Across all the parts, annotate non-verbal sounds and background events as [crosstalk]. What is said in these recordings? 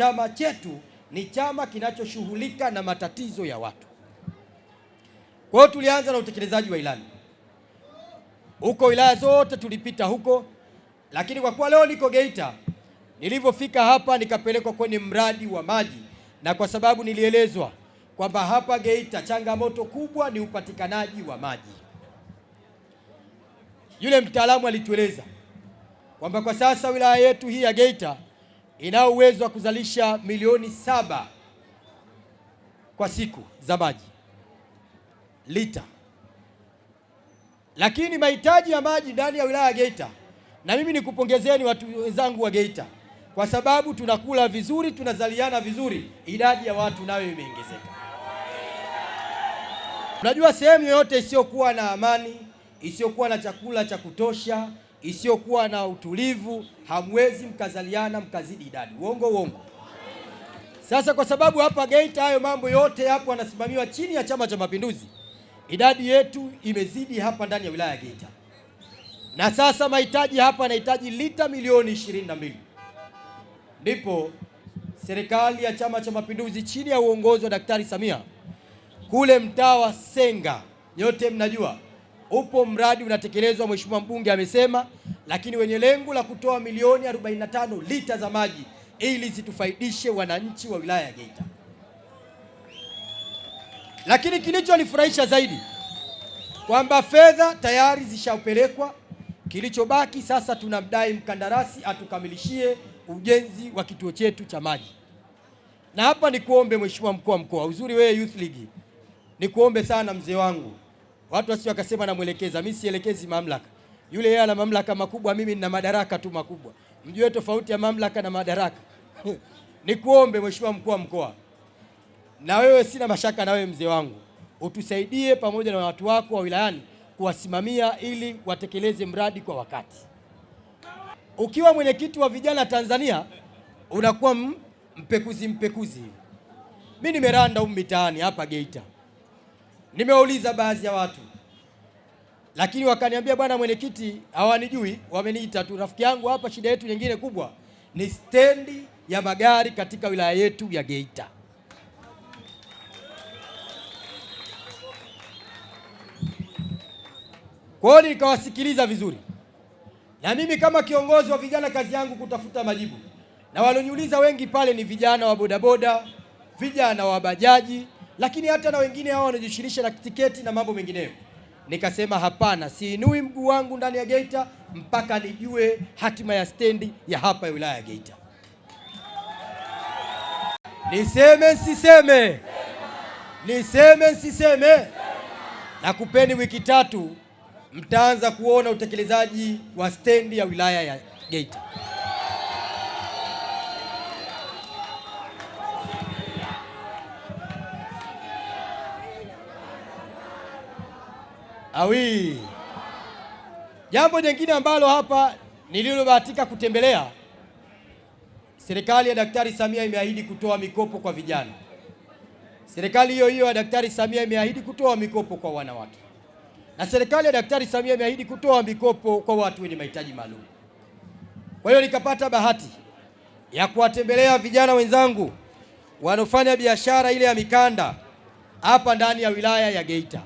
chama chetu ni chama kinachoshughulika na matatizo ya watu. Kwa hiyo tulianza na utekelezaji wa ilani huko, wilaya zote tulipita huko, lakini kwa kuwa leo niko Geita, nilivyofika hapa nikapelekwa kwenye mradi wa maji, na kwa sababu nilielezwa kwamba hapa Geita changamoto kubwa ni upatikanaji wa maji, yule mtaalamu alitueleza kwamba kwa sasa wilaya yetu hii ya Geita inao uwezo wa kuzalisha milioni saba kwa siku za maji lita, lakini mahitaji ya maji ndani ya wilaya ya Geita, na mimi nikupongezeni watu wenzangu wa Geita kwa sababu tunakula vizuri, tunazaliana vizuri, idadi ya watu nayo imeongezeka. Unajua, sehemu yoyote isiyokuwa na amani, isiyokuwa na chakula cha kutosha isiyokuwa na utulivu, hamwezi mkazaliana mkazidi idadi. Uongo uongo. Sasa kwa sababu hapa Geita hayo mambo yote hapo anasimamiwa chini ya Chama cha Mapinduzi, idadi yetu imezidi hapa ndani ya wilaya ya Geita, na sasa mahitaji hapa anahitaji lita milioni 22 ndipo serikali ya Chama cha Mapinduzi chini ya uongozi wa Daktari Samia kule mtaa wa Senga, nyote mnajua upo mradi unatekelezwa. Mheshimiwa mbunge amesema lakini wenye lengo la kutoa milioni 45 lita za maji ili zitufaidishe wananchi wa wilaya ya Geita. Lakini kilichonifurahisha zaidi kwamba fedha tayari zishapelekwa, kilichobaki sasa tunamdai mkandarasi atukamilishie ujenzi wa kituo chetu cha maji. Na hapa nikuombe Mheshimiwa mkuu wa mkoa, uzuri wewe Youth League, nikuombe sana mzee wangu, watu wasio wakasema namwelekeza. Mimi sielekezi mamlaka yule yeye ana mamlaka makubwa, mimi nina madaraka tu makubwa. Mjue tofauti ya mamlaka na madaraka. [laughs] Nikuombe mheshimiwa mkuu wa mkoa, na wewe, sina mashaka na wewe mzee wangu, utusaidie pamoja na watu wako wa wilayani kuwasimamia ili watekeleze mradi kwa wakati. Ukiwa mwenyekiti wa vijana Tanzania unakuwa mpekuzi mpekuzi. Mimi nimeranda huko mitaani hapa Geita, nimeuliza baadhi ya watu lakini wakaniambia, bwana mwenyekiti, hawanijui wameniita tu. Rafiki yangu hapa, shida yetu nyingine kubwa ni stendi ya magari katika wilaya yetu ya Geita. Kwa hiyo nikawasikiliza vizuri, na mimi kama kiongozi wa vijana, kazi yangu kutafuta majibu, na walioniuliza wengi pale ni vijana wa bodaboda, vijana wa bajaji, lakini hata na wengine hao wanajishirisha na tiketi na mambo mengineyo nikasema hapana, siinui mguu wangu ndani ya Geita mpaka nijue hatima ya stendi ya hapa ya wilaya ya Geita. Niseme siseme? Niseme siseme? Nakupeni wiki tatu, mtaanza kuona utekelezaji wa stendi ya wilaya ya Geita. awi. Jambo jingine ambalo hapa nililobahatika kutembelea, serikali ya Daktari Samia imeahidi kutoa mikopo kwa vijana. Serikali hiyo hiyo ya Daktari Samia imeahidi kutoa mikopo kwa wanawake, na serikali ya Daktari Samia imeahidi kutoa mikopo kwa watu wenye mahitaji maalum. Kwa hiyo nikapata bahati ya kuwatembelea vijana wenzangu wanaofanya biashara ile ya mikanda hapa ndani ya wilaya ya Geita.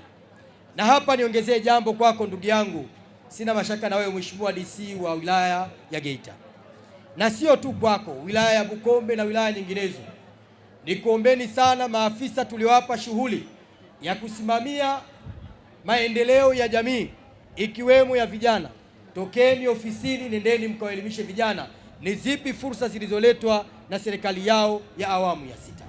Na hapa niongezee jambo kwako ndugu yangu, sina mashaka na wewe mheshimiwa DC wa wilaya ya Geita, na sio tu kwako, wilaya ya Bukombe na wilaya nyinginezo. Nikuombeni sana maafisa tuliowapa shughuli ya kusimamia maendeleo ya jamii ikiwemo ya vijana, tokeni ofisini, nendeni mkawaelimishe vijana ni zipi fursa zilizoletwa na serikali yao ya awamu ya sita.